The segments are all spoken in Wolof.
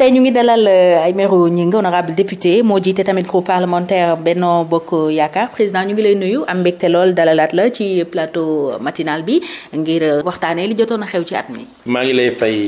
tey ñu ngi dalal euh, Aymérou Gningue honorable député moo jiite tamit groupe parlementaire benn Bokk Yaakaar président ñu ngi lay nuyu am mbégte lool dalalaat la ci plateau matinal bi ngir euh, waxtaanee li jotoon a xew ci at mi. maa ngi lay fay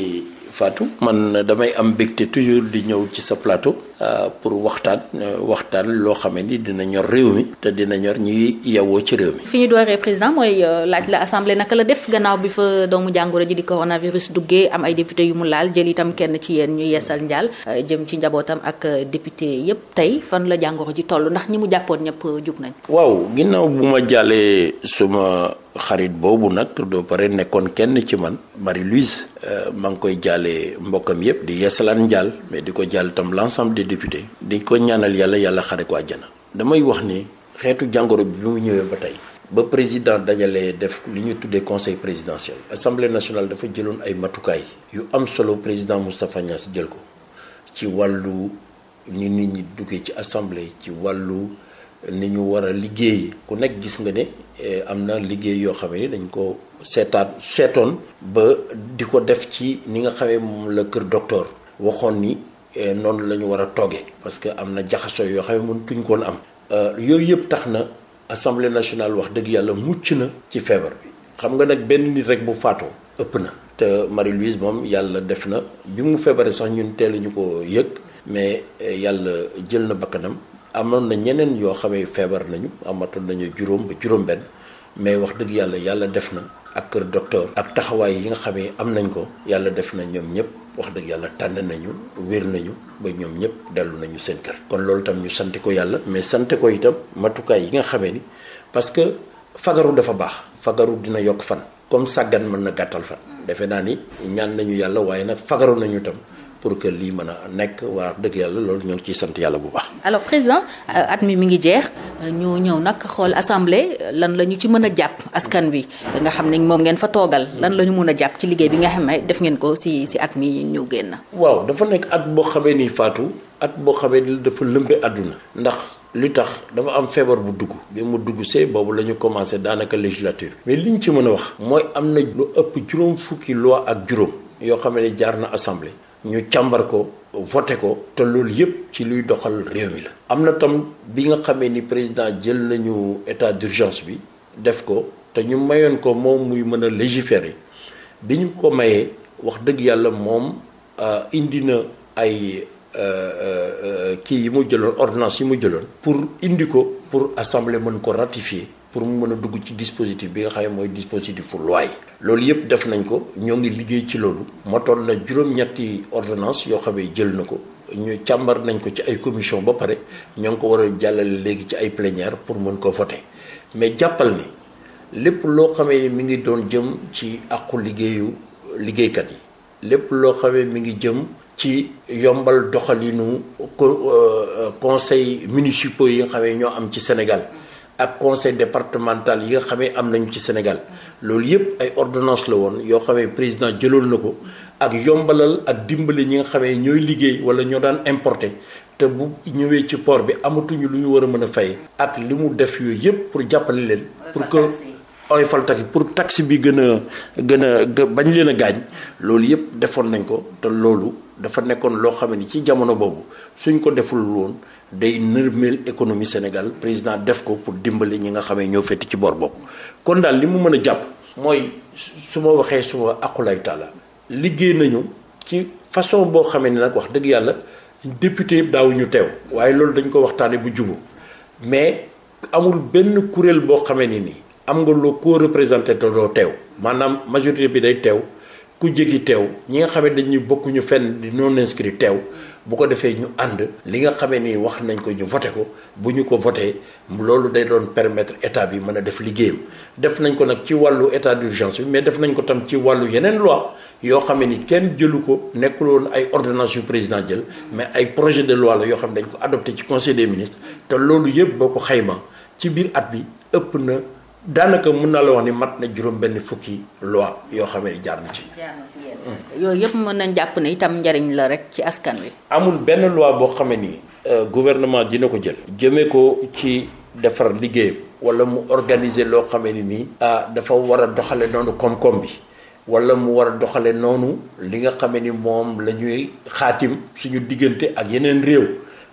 faatu man damay am mbégte toujours di ñëw ci sa plateau. Euh, pour waxtaan euh, waxtaan loo xam ni dina ñor réew mi te dina ñor ñuy yewoo ci réew mi. fi ñu dooree président mooy euh, laaj la assemblée naka la def gannaaw bi fa doomu jàngoro ji di coronavirus duggee am ay député yu mu laal jël tam kenn ci yéen ñu yeesal njaal jëm ci njabootam ak député yépp tey fan la jàngoro ji toll ndax ñi mu jàppoon ñëpp jug nañ. waaw ginnaaw bu ma jàllee suma xarit boobu nag doo pare nekkoon kenn ci man Marie Louise maa ngi koy jàllee mbokkam yépp di yeesalaan njaal mais di député dañ ko ñaanal yàlla yàlla xare ko àjjana damay wax ni xeetu jàngoro bi bi mu ñëwee ba tey ba président dajalee def li ñu tuddee conseil présidentiel assemblée nationale dafa jëloon ay matukaay yu am solo président Moustapha Niass jël ko ci wàllu ni nit ñi duggee ci assemblée ci wàllu ni ñu war a liggéey ku nekk gis nga ne eh, am na liggéey yoo xam ni dañ ko seetaat seetoon ba di ko def ci ni nga xamee moom la kër docteur waxoon ni noonu la ñu war a toogee parce que am na jaxasoo yoo xam ne tuñ koon am euh, yooyu yëpp tax na assemblée nationale wax dëgg yàlla mucc na ci feebar bi xam nga nag benn nit rek bu faatoo ëpp na te Marie-Louise moom yàlla def na bi mu feebaree sax ñun teel ñu ko yëg mais euh, yàlla jël na bakkanam amoon na ñeneen yoo xamee feebar nañu amatul nañu juróom ba juróom-benn mais wax dëgg yàlla yàlla def na ak kër docteur ak taxawaay yi nga xamee am nañ ko yàlla def na ñoom ñëpp wax dëgg yàlla tànn nañu wér nañu ba ñoom ñëpp dellu nañu seen kër. kon loolu tam ñu sant ko yàlla. mais sant ko itam matukaay yi nga xamee ni parce que fagaru dafa baax. fagaru dina yokk fan. comme sàggan mën na gàttal fan. defe naa ni ñaan nañu yàlla waaye nag fagaru nañu tam. pour que lii mën a nekk waa dëgg yàlla loolu ñoo ngi ciy sant yàlla bu baax. alors président euh, at mi mi ngi jeex euh, ñu ñëw nag xool assemblée lan la ñu ci mën a jàpp askan wi nga xam ne moom ngeen fa toogal lan la mën a jàpp ci liggéey bi nga xam ne def ngeen ko si si at mi ñu génn. waaw dafa nekk at boo xamee ni Fatou at boo xamee ni dafa lëmbee àdduna ndax. li tax dafa am feebar bu dugg bi mu dugg see boobu la ñu commencé daanaka législature mais liñ ci mën a wax mooy am na lu ëpp juróom fukki loi ak juróom yoo xam ne jaar na assemblée ñu càmbar ko voté ko te loolu yëpp ci luy doxal réew mi la. am na tam bi nga xamee ni président jël nañu état d'urgence bi def ko te ñu mayoon ko moom muy mën a légiférer bi ñu ko mayee wax dëgg yàlla moom euh, indi na ay. Euh, euh, kii yi mu jëloon ordonnance yi mu jëloon pour indi ko pour assemblée mën ko ratifier pour mu mën a dugg ci dispositif bi nga xam ne mooy dispositif pour loi yi loolu yëpp def nañ ko ñoo ngi liggéey ci loolu motoon na juróom-ñetti ordonnance yoo xamee jël na ko ñu càmbar nañ ko ci ay commission ba pare ñoo ngi ko war a jàllale léegi ci ay plénière pour mën ko voter mais jàppal ni lépp loo xamee ni mi ngi doon jëm ci àqu liggéeyu liggéeykat yi lépp loo xamee mi ngi jëm ci yombal doxalinu euh, conseil municipaux yi nga xam ne ñoo am ci Sénégal ak conseil départemental yi nga xamee am nañu ci Sénégal loolu yëpp ay ordonnance la woon yoo xamee président jëloon na ko ak yombalal ak dimbali ñi nga xamee ñooy liggéey wala ñoo daan importer te bu ñëwee ci port bi amatuñu lu ñu war a mën a fay. ak li mu def yooyu yëpp pour jàppale leen pour que oyofal taxi pour taxi bi gën a gën a bañ leen a gaañ loolu yëpp defoon nañ ko te loolu dafa nekkoon loo xam ni ci jamono boobu suñ ko deful woon day nërmeel économie Sénégal président def ko pour dimbale ñi nga xamee ñoo fétti ci boor boobu kon daal li mu mën a jàpp mooy su ma waxee suma aqulay taala liggéey nañu ci façon boo xamee ni nag wax dëgg yàlla député yëpp daawuñu teew waaye loolu dañ ko waxtaanee bu jubu mais amul benn kuréel boo xamee ni nii am nga loo ko représenté te doo teew maanaam majorité bi day teew ku jégi teew ñi nga xamee dañuy bokkuñu fen di non inscrit teew bu ko defee ñu ànd li nga xamee ni wax nañ ko ñu voté ko bu ñu ko voté loolu day doon permettre état bi mën a def liggéeyam def nañ ko nag ci wàllu état d'urgence bi mais def nañ ko tam ci wàllu yeneen loi yoo xam ni kenn jëlu ko nekkul woon ay ordonnance yu président jël mais ay projet de loi la yoo xam ne dañ ko adopté ci conseil des ministres te loolu yëpp boo xayma ci biir at bi ëpp na daanaka mun naa la wax ni mat na juróom benn fukki loi yoo xam ne jaar na ci. yooyu yëpp mën nañ jàpp ne itam njariñ la rek ci askan wi. amul benn loi boo xam ni nii. Euh, gouvernement dina ko jël. jëmee ko ci defar liggéeyam. wala mu organiser loo xam ne nii. Euh, dafa war a doxale noonu koom-koom bi wala mu war a doxale noonu li nga xam ni moom la ñuy xaatim suñu diggante ak yeneen réew.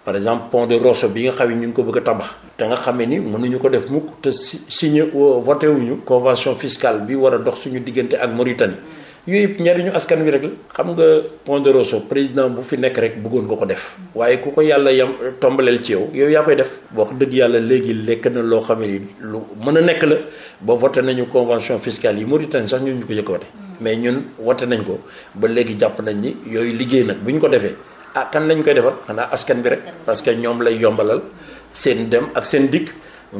par exemple pont de Rosso bi nga xam ne ñu ngi ko bëgg a tabax te nga xamee ni mënuñu ko def mukk te signé euh, voté wuñu convention fiscale bi war a dox suñu diggante ak Mauritanie yooyu yëpp njariñu askan wi rek la xam nga pont de Rosso président bu fi nekk rek bëggoon ko ko def waaye ku ko yàlla yam tombaleel ci yow yow yaa koy def boo ko dëgg yàlla léegi lekk na loo xame ne lu mën a nekk la ba voté nañu convention fiscale yi Mauritanie sax ñun ñu ko jëkk voté ñun voté nañ ko ba léegi jàpp nañ ni yooyu liggéey nag bu ñu ko defee ah kan lañ koy defal xanaa askan bi rek parce que ñoom lay yombalal seen dem ak seen dikk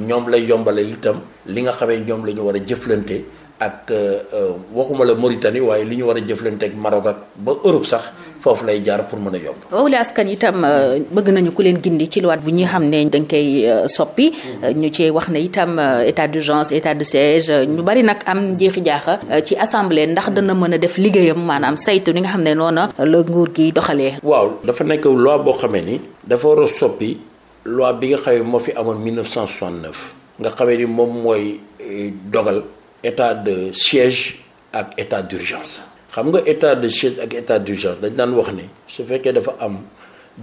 ñoom lay yombalal itam li nga xamee ñoom la ñu war a jëflantee ak euh, euh, waxuma la Mauritanie waaye li ñu war a jëflante ak Maroc ak ba Europe sax foofu lay jaar pour mën a yomb. wala askan itam euh, bëgg nañu ku leen gindi ci loi bu ñu xam ne dañ koy soppi. Mm-hmm. ñu cee wax ne itam état d'urgence état de siège ñu bari nag am njeexi jaaxa ci assemblée ndax dana mën a def liggéeyam maanaam saytu ni nga xam ne noonu la nguur gi doxalee. waaw dafa nekk loi boo xamee ni dafa war soppi loi bi nga xamee moo fi amoon 1969 nga xamee ni moom mooy dogal. état de siège ak état d'urgence xam nga état de siège ak état d'urgence dañ daan wax ni su fekkee dafa am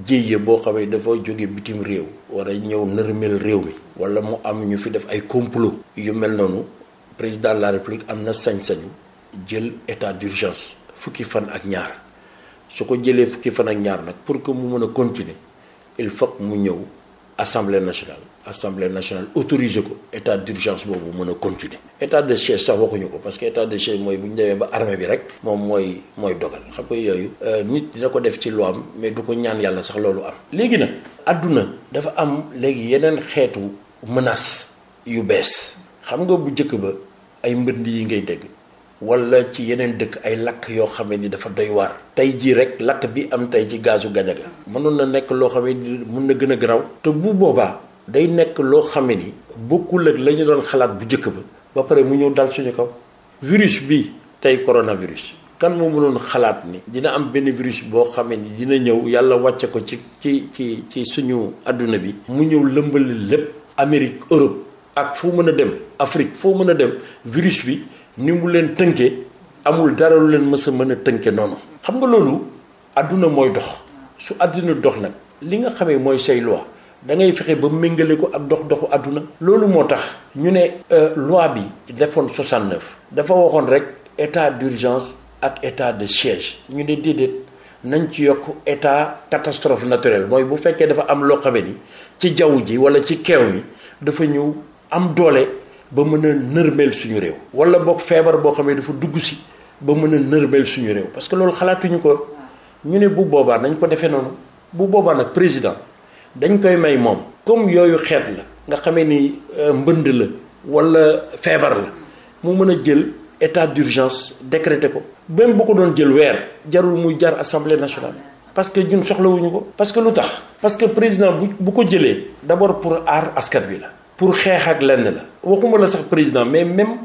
jéye boo xamee dafa jóge bitim réew war a ñëw nërmel réew mi wala mu am ñu fi def ay complot yu mel noonu président de la république am na sañ-sañu jël état d'urgence fukki fan ak ñaar su ko jëlee fukki fan ak ñaar nag pour que mu mën a continuer il faut mu ñëw assemblée nationale assemblée nationale autorisé ko état d'urgence boobu mën a continuer état de siège sax waxuñu ko parce que état de siège mooy bu ñu demee ba armée bi rek moom mooy mooy dogal xam nga yooyu euh, nit dina ko def ci loo am mais du ko ñaan yàlla sax loolu am léegi nag àdduna dafa am léegi yeneen xeetu menace yu bees xam nga bu njëkk ba ay mbënd yi ngay dégg wala ci yeneen dëkk ay lakk yoo xamee ni dafa doy waar tey jii rek lakk bi am tey ci gazu Gajaga mënoon na nekk loo xam ne mun na gën a garaw boobaa day nekk loo xam ne ni bokkul ak la doon xalaat bu njëkk ba ba pare mu ñëw dal suñu kaw virus bi tey coronavirus kan moo mënoon xalaat ni dina am benn virus boo xamee ni dina ñëw yàlla wàcce ko ci ci ci ci suñu àdduna bi mu ñëw lëmbali lépp Amérique Europe ak foo mën a dem Afrique foo mën a dem virus bi ni mu leen tënkee amul dara lu leen mës a mën a tënke noonu xam nga loolu àdduna mooy dox su àdduna dox nag li nga xamee mooy say loi da ngay fexe ba méngale ko ak dox doxu àdduna. loolu moo tax ñu ne. Euh, loi bi defoon 69. dafa waxoon rek état d'urgence ak état de siège. ñu ne déedéet nañ ci yokk état catastrophe naturelle mooy bu fekkee dafa am loo ni ci jaww ji wala ci keew mi dafa ñëw am doole ba mën a nërmeel suñu réew. wala boog feebar boo xamee dafa dugg si ba mën a nërmeel suñu réew parce que loolu xalaatuñu ko ñu ne bu boobaa nañ ko defee noonu bu boobaan nag président. dañ koy may moom comme yooyu xeet la nga xamee ni euh, mbënd la walla feebar la mu mën a jël état d'urgence décrété ko même bu ko doon jël weer jarul muy jar assemblée nationale parce que ñun soxlawuñu ko parce que lu tax parce que président bu bu ko jëlee d'abord pour aar askan bi la pour xeex ak lenn la waxuma la sax président mais même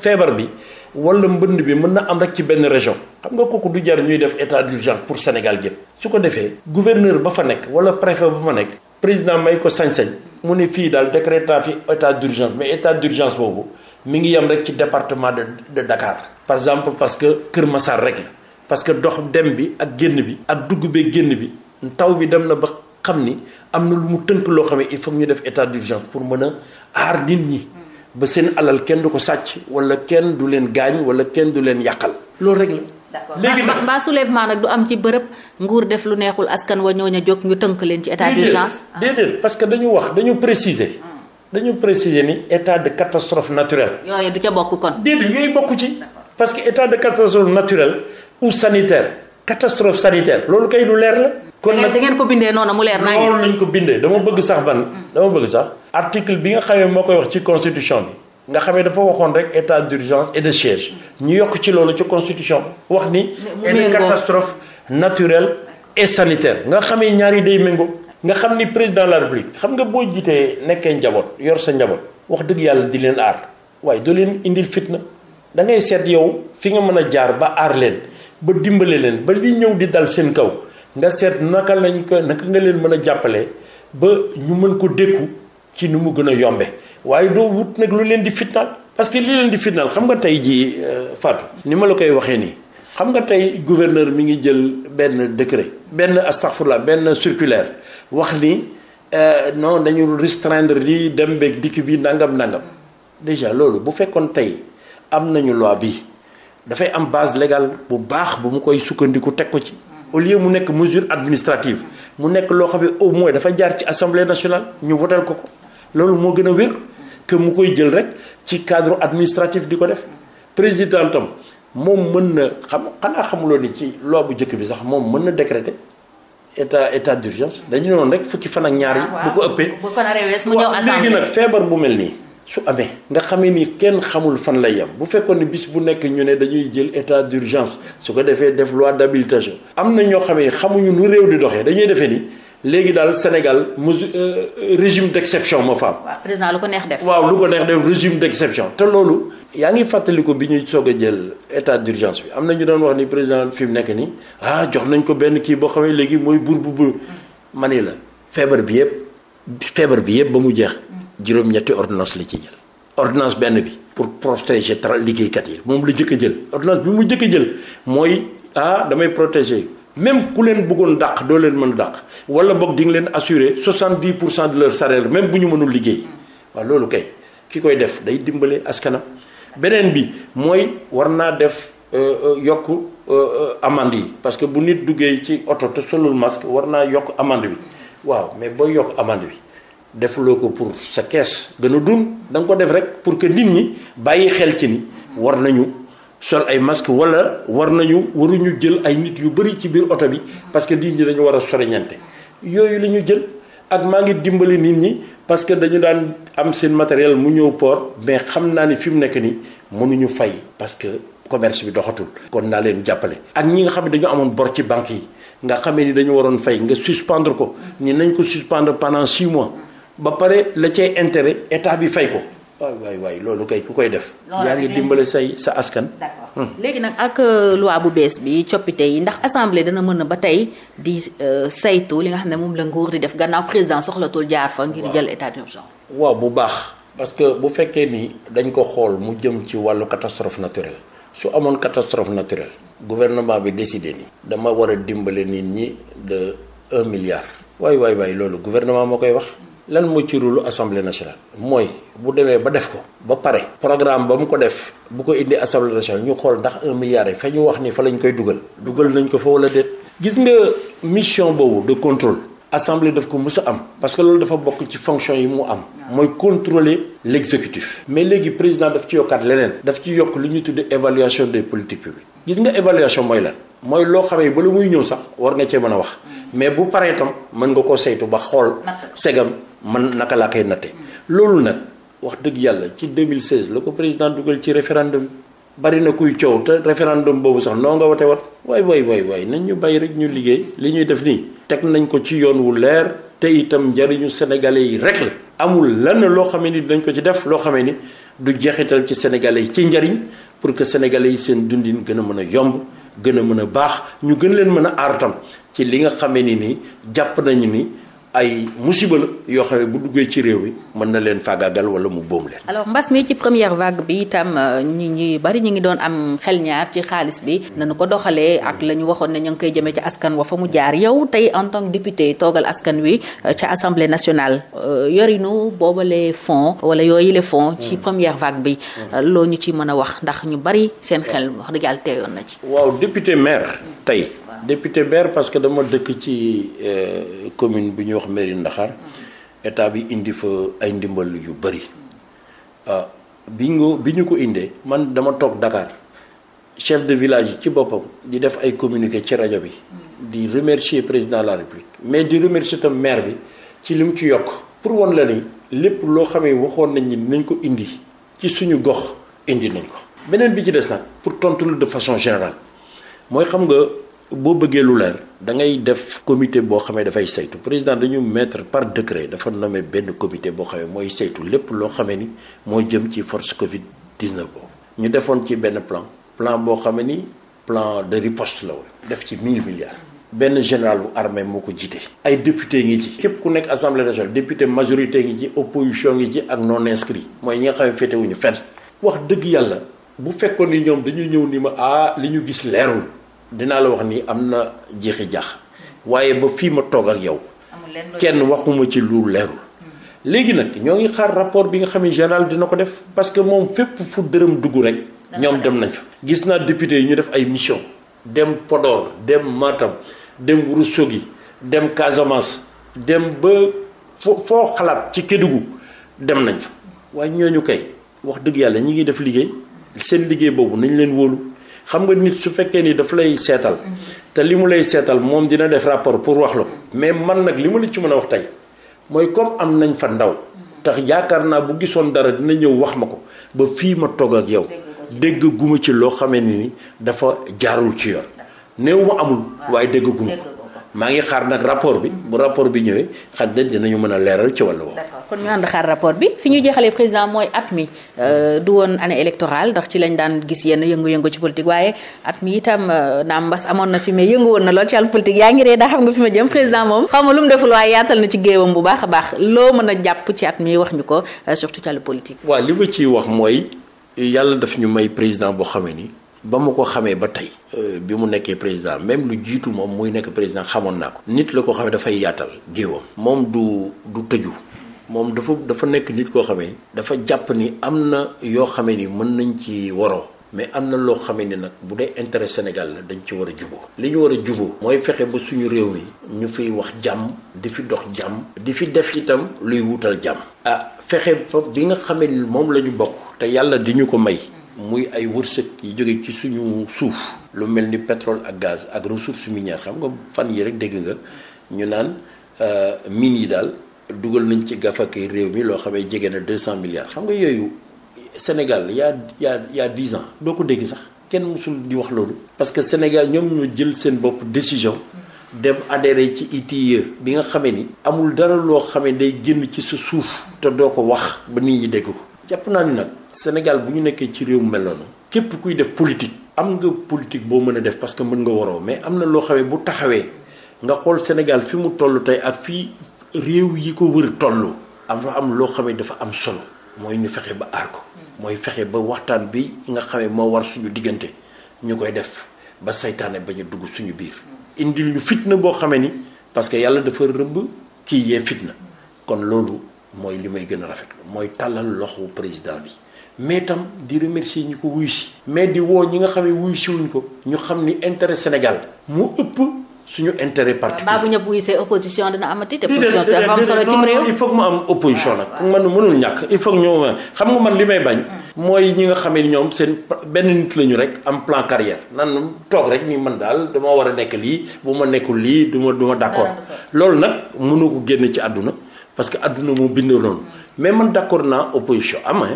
feebar bi walla mbënd bi mën na am rek ci benn région xam nga kooku du jar ñuy def état d'urgence pour Sénégal gépp su ko defee gouverneur ba fa nekk wala préfet bu ma nekk président may ko sañ-sañ mu ne fii daal décrétant fi état d'urgence mais état d'urgence boobu mi ngi yem rek ci département de de Dakar par exemple parce que Kër Massar rek parce que dox dem bi ak génn bi ak dugg bee génn bi taw bi dem na ba xam ni am na lu mu tënk loo xam ne il faut ñu def état d'urgence pour mën a aar nit ñi ba seen alal kenn du ko sàcc wala kenn du leen gaañ wala kenn du leen yàqal d'accord léegi nag mbaa soulèvement nag du am ci bërëb nguur def lu neexul askan wa ñooñu jóg ñu tënk leen ci état d'urgence déedéet parce que dañu wax dañu préciser hmm. dañu préciser ni état de catastrophe naturelle yooyu du ca bokk kon déedéet yooyu bokk ci parce que état de catastrophe naturel ou sanitaire catastrophe sanitaire loolu kay lu leer la kon nag da ngeen ko bindee noonu mu leer nañu loolu nañ ko bindee dama bëgg sax ban hmm. dama bëgg sax article bi nga xamee moo koy wax ci constitution bi nga xamee dafa waxoon rek état d'urgence et de siège ñu yokk ci loolu ci constitution wax ni une catastrophe naturelle et sanitaire nga xamee ñaari day méngoo nga xam ni président la république xam nga boo jiitee nekkee njaboot yor sa njaboot wax dëgg yàlla di leen aar waaye doo leen indil fitna da ngay seet yow fi nga mën a jaar ba aar leen ba dimbale leen ba li ñëw di dal seen kaw nga seet naka lañ ko naka nga leen mën a jàppale ba ñu mën ko dékku ci ni mu gën a yombe waaye doo wut nag lu leen di fitnaal parce que li leen di fitnaal xam nga tey jii euh, Fatou. ni ma la koy waxee nii xam nga tey gouverneur mi ngi jël benn décret benn astaghfirullah benn circulaire wax ni euh, non dañu restreindre lii dem beeg dikk bi nangam nangam déjà loolu bu fekkoon tey am nañu loi bi dafay am base légal bu baax bu mu koy sukkandiku teg ko ci. au lieu mu nekk mesure administrative mu nekk loo xam ne au moins dafa jaar ci assemblée nationale ñu votel ko ko loolu moo gën a wér. que mu koy jël rek ci cadre administratif di ko def présidentam moom mën na xam xanaa xamuloo ni ci loi bu njëkk bi sax moom mën na décréter état état d'urgence dañu noonu rek fukki fan ak ñaar yi. Ah, bu ko ëppee bu ko naree wees mu ñëw assemblée nag feebar bu mel nii. su amee nga xamee nii kenn xamul fan lay yem bu fekkoon ni bis bu nekk ñu ne dañuy jël état d'urgence su ko defee def loi d'habilitation. am na ñoo xam ni xamuñu nu réew di doxee dañuy defee nii léegi daal Sénégal mu euh, euh, régime d'exception moo fa président lu ko neex def. waaw lu ko neex def régime d'exception te loolu. yaa ngi fàttali ko bi ñuy soog jël état d'urgence bi am na ñu doon wax ni président fi mu nekk nii ah jox nañ ko benn kii boo xamee léegi mooy buur bu bu ma ni la feebar bi yëpp feebar bi yëpp ba mu jeex juróom-ñetti ordonnance la ci jël. ordonnance benn bi pour protéger tra liggéeykat yi moom lu jëkk jël ordonnance bi mu jëkk jël mooy ah damay protéger. même ku leen bëggoon dàq doo leen mën a dàq wala boog di nga leen assurer 70 pour cent de leur salaire même bu ñu mënul liggéey waa loolu kay ki koy def day dimbalee askanam beneen bi mooy war naa def euh, euh, yokk euh, amande yi parce que bu nit duggee ci oto te solul masque war naa yokk amende bi waaw mais booy yokk amende bi defuloo ko pour sa kees gën a dund da nga ko def rek pour que nit ñi bàyyi xel ci ni war nañu. sol ay masque wala war nañu waruñu jël ay nit yu bëri ci biir oto bi parce que nit ñi dañu war a soriñante yooyu la ñu jël ak maa ngi dimbali nit ñi parce que dañu daan am seen matériel mu ñëw port mais xam naa ni fi mu nekk nii mënuñu fay parce que commerce bi doxatul. kon naa leen jàppale. ak ñi nga xam ne dañu amoon bor ci banque yi nga xame ni dañu waroon fay nga suspendre ko ni nañ ko suspendre pendant six mois ba pare la cay intéret état bi fay ko. waay waay waaye loolu kay ku koy def. yaa ngi dimbale say sa askan. d'accord hmm. léegi nag ak euh, loi bu bees bi coppite yi ndax assemblée dana mën a ba tey di euh, saytu li nga xam ne moom la nguur di def gannaaw président soxla tool jaar fa. ngir jël état d'urgence. waaw bu baax parce que bu fekkee nii dañ ko xool mu jëm ci wàllu catastrophe naturel su amoon catastrophe naturelle gouvernement bi décidé ni. dama war a dimbale nit ñi de un milliard. waay waay waay loolu gouvernement moo koy wax. lan mooy ci rôle assemblée nationale mooy bu demee ba def ko ba pare programme ba mu ko def bu ko indi assemblée nationale ñu xool ndax un milliard yi fa ñu wax nii fa lañ koy dugal dugal nañ ko fa wala déet gis nga mission boobu de contrôle assemblée daf ko mës am parce que loolu dafa bokk ci fonction yi mu am mooy contrôler l'exécutif mais léegi président daf ci yokkaat leneen daf ci yokk lu ñuy tudde évaluation des politiques publiques gis nga évaluation mooy lan mooy loo xamee ba la muy ñëw sax war nga cee mën a wax mm. mais bu paree tam mën nga ko saytu ba xool segam man naka laa koy natte loolu nag wax dëgg yàlla ci 2016 la ko président dugal ci référendum bari na kuy coow te référendum boobu sax noo nga wote wat waay waay waay nañ ñu bàyyi rek ñu liggéey li ñuy def nii teg nañ ko ci yoon wu leer te itam njariñu sénégalais yi rek la amul lenn loo xamee ni dañ ko ci def loo xamee ni du jeexital ci sénégalais yi ci njariñ pour que sénégalais yi seen dundin gën a mën a yomb gën a mën a baax ñu gën leen mën a aar ci li nga xamee ni nii jàpp nañu ni ay musiba la yoo xam ne bu duggee ci réew mi mën na leen faagaagal wala mu boom leen. alors mbas mi ci première vague bi itam euh, ñu ñi bari ñu ngi doon am xel ñaar ci xaalis bi nañu ko doxalee ak la ñu waxoon ne ñu ngi koy jëmee ci askan wa fa mu jaar yow tey en tant que député toogal askan wi euh, ca assemblée nationale euh, yorinu boobale fonds wala yooyule fonds. ci hmm. première vague bi. Hmm. loo ñu ci mën a wax ndax ñu bari seen xel wax dëgg yàlla na ci. waaw député maire tey. député maire parce que dama dëkk ci euh, commune bu ñuy wax mairie Ndaxar état bi indi fa ay ndimbal yu bëri ah, bi ñu bi ñu ko indee man dama toog Dakar chef de village yi ci boppam di def ay communiqué ci rajo bi di remercier président la république mais di remercier tam maire bi ci li mu ci yokk pour won la ni lépp loo xamee waxoon nañ ni nañ ko indi ci suñu gox indi nañ ko beneen bi ci des nag pour tontu de façon générale mooy xam nga boo bëggee lu leer da ngay def comité boo xamee dafay saytu président dañu mettre par décret dafa nommé benn comité boo xamee mooy saytu lépp loo xamee ni moo jëm ci force Covid 19 boobu. ñu defoon ci benn plan plan boo xamee ni plan de riposte la woon def ci 1000 milliards. benn général bu armee moo ko jiite. ay député ngi ci. képp ku nekk assemblée nationale député majorité ngi ci opposition ngi ci ak non inscrit mooy ñi nga xam ne féetewuñu fenn. wax dëgg yàlla bu fekkoon ni ñoom dañu ñëw ni ma ah li ñu gis leerul. dinaa la wax nii am na jeexi jax waaye ba fii ma toog ak yow. kenn waxuma ci lu leerul. Hmm. léegi nag ñoo ngi xaar rapport bi nga xam ne général dina ko def parce que moom fépp fu dërëm dugg rek. ñoom dem nañ fa. gis naa député yi ñu def ay mission. dem Podor dem Matam dem gi dem Casamance dem ba fo foo xalaat ci Kédougou dem nañ fa hmm. waaye ñooñu kay wax dëgg yàlla ñi ngi def liggéey seen liggéey boobu nañu leen wóolu. xam nga nit su fekkee ni dafa lay seetal te li mu lay seetal moom dina def rapport pour wax la mais man nag li ma la ci mën a wax tey mooy comme am nañ fa ndaw tax yaakaar naa bu gisoon dara dina ñëw wax ma ko ba fii ma toog ak yow dégg guma ci loo xamee ni dafa jaarul ci yoon néew ma amul waaye dégg guma ko maa ngi xaar nag rapport bi bu rapport bi ñëwee xaj na dinañu mën a leeral ci wàllu woowu. d'accord kon ñu ànd xaar rapport bi fi ñu jeexalee président mooy at mi euh, du woon année électorale ndax ci lañ daan gis yenn yëngu-yëngu ci politique waaye at mi itam euh, naam mbas amoon na fi mais yëngu woon na lool ci wàllu politique yaa ngi ree daa xam nga fi ma jëm président moom xaw ma lu mu deful waaye yaatal na ci géewam bu baax a baax loo mën a jàpp ci at mi wax ñu ko euh, surtout ci wàllu politique. waaw li wax mooy yàlla daf ñu may président boo xamee ni ba mu ko xamee ba tey euh, bi mu nekkee président même lu jiitu moom muy nekk président xamoon naa ko nit la ko xamee dafay yaatal géewam moom du du tëju moom dafa dafa nekk nit koo xamee dafa jàpp ni am na yoo xamee ni mën nañ ci waroo mais am na loo xamee ni nag bu dee intérêt Sénégal la dañ war a juboo li ñu war a juboo mooy fexe ba suñu réew mi ñu fiy wax jàmm di fi dox jàmm di fi def itam luy wutal jàmm ah fexe fa bi nga xamee ni moom la ñu bokk te yàlla di ñu ko may muy ay wërsëg yi jóge ci suñu suuf lu mel ni pétrole ak gaz ak ressources minières xam nga fan yii rek dégg nga ñu naan euh, mine yi daal dugal nañ ci gafakay réew mi loo xamee jege na cent milliards xam nga yooyu Sénégal yaa yaa yaa 10 ans doo ko dégg sax kenn mësul di wax loolu. parce que Sénégal ñoom ñoo jël seen bopp décision. dem adhéré ci it ITIE bi nga xamee ni. amul dara loo xamee day génn ci sa suuf. te doo ko wax ba nit ñi dégg ko. jàpp naa ni nag Sénégal bu ñu nekkee ci réew mel noonu képp kuy def politique am nga politique boo mën a def parce que mën nga waroo mais am na loo xamee bu taxawee nga xool Sénégal fi mu toll tey ak fii réew yi ko wër toll am fa am loo xamee dafa am solo mooy ñu fexe ba aar ko mooy fexe ba waxtaan bi nga xamee moo war suñu diggante ñu koy def ba saytaane bañ a dugg suñu biir indil ñu fitna boo xamee ni parce que yàlla dafa rëbb kii yee fitna kon loolu mooy li may gën a rafetlu mooy tàllal loxo président bi mais tam di remercier ko wuyu mais di woo ñi nga xam ne wuyu si ko ñu xam ni intérêt Sénégal mu ëpp suñu intérêt particulier. waaw baabu ñëpp wuyu see opposition am solo cim réew. il faut que mu am opposition nag. man mënul ñàkk il faut que xam nga man li may bañ. Mm. mooy ñi nga xam ne ñoom seen benn nit la ñu rek am plan carrière toog rek ni man daal dama war a nekk lii bu ma nekkul lii du ma du ma d'accord loolu nag mënu ko génn ci àdduna. parce que adduna moo bind noonu mais man d'accord naa opposition am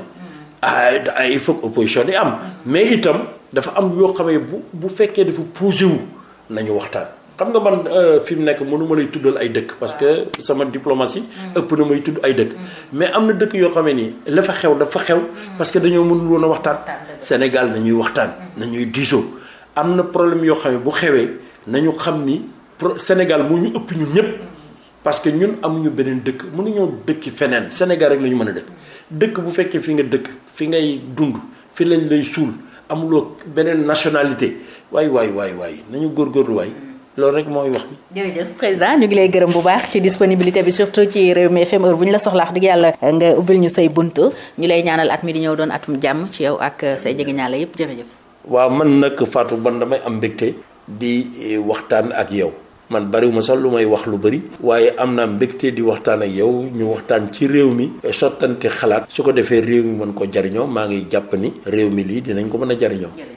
ah il faut que opposition am mais itam dafa am yoo xamee bu bu fekkee dafa posé wu nañu waxtaan. xam nga man euh, fi mu nekk mënuma ma lay tuddal ay dëkk parce que sama diplomatie. Mm. ëpp na may tudd ay dëkk. Mm. mais am na dëkk yoo xamee ni la fa xew dafa xew. Mm. parce que dañoo mënul woon a waxtaan. Sénégal nañuy waxtaan. nañuy diisoo am na problème yoo xam ne bu xewee nañu xam ni Sénégal moo ñu ëpp ñun ñëpp. parce que ñun amuñu beneen dëkk mënuñoo dëkki feneen Sénégal rek la ñu mën a dëkk dëkk bu fekkee fi nga dëkk fi ngay dund fi lañu lay suul amuloo beneen nationalité waay waay waay waay nañu góorgóorlu waay loolu rek mooy wax bi. jërëjëf président ñu ngi lay gërëm bu baax ci disponibilité bi surtout ci Rewmi FM heure bu ñu la soxlaa digg dëgg yàlla nga ubbil ñu say bunt ñu lay ñaanal at mi di ñëw doon atum jàmm ci yow ak say jegeñaale yépp jërëjëf. waaw man nag Fatou ban damay am mbégte di eh, waxtaan ak yow. man bariwuma sax lu may wax lu bëri waaye am naa mbégte di waxtaan ak yow ñu waxtaan ci réew mi sottante xalaat su ko defee réew mi mën ko jariñoo maa ngi jàpp ni réew mi lii dinañ ko mën a jariñoo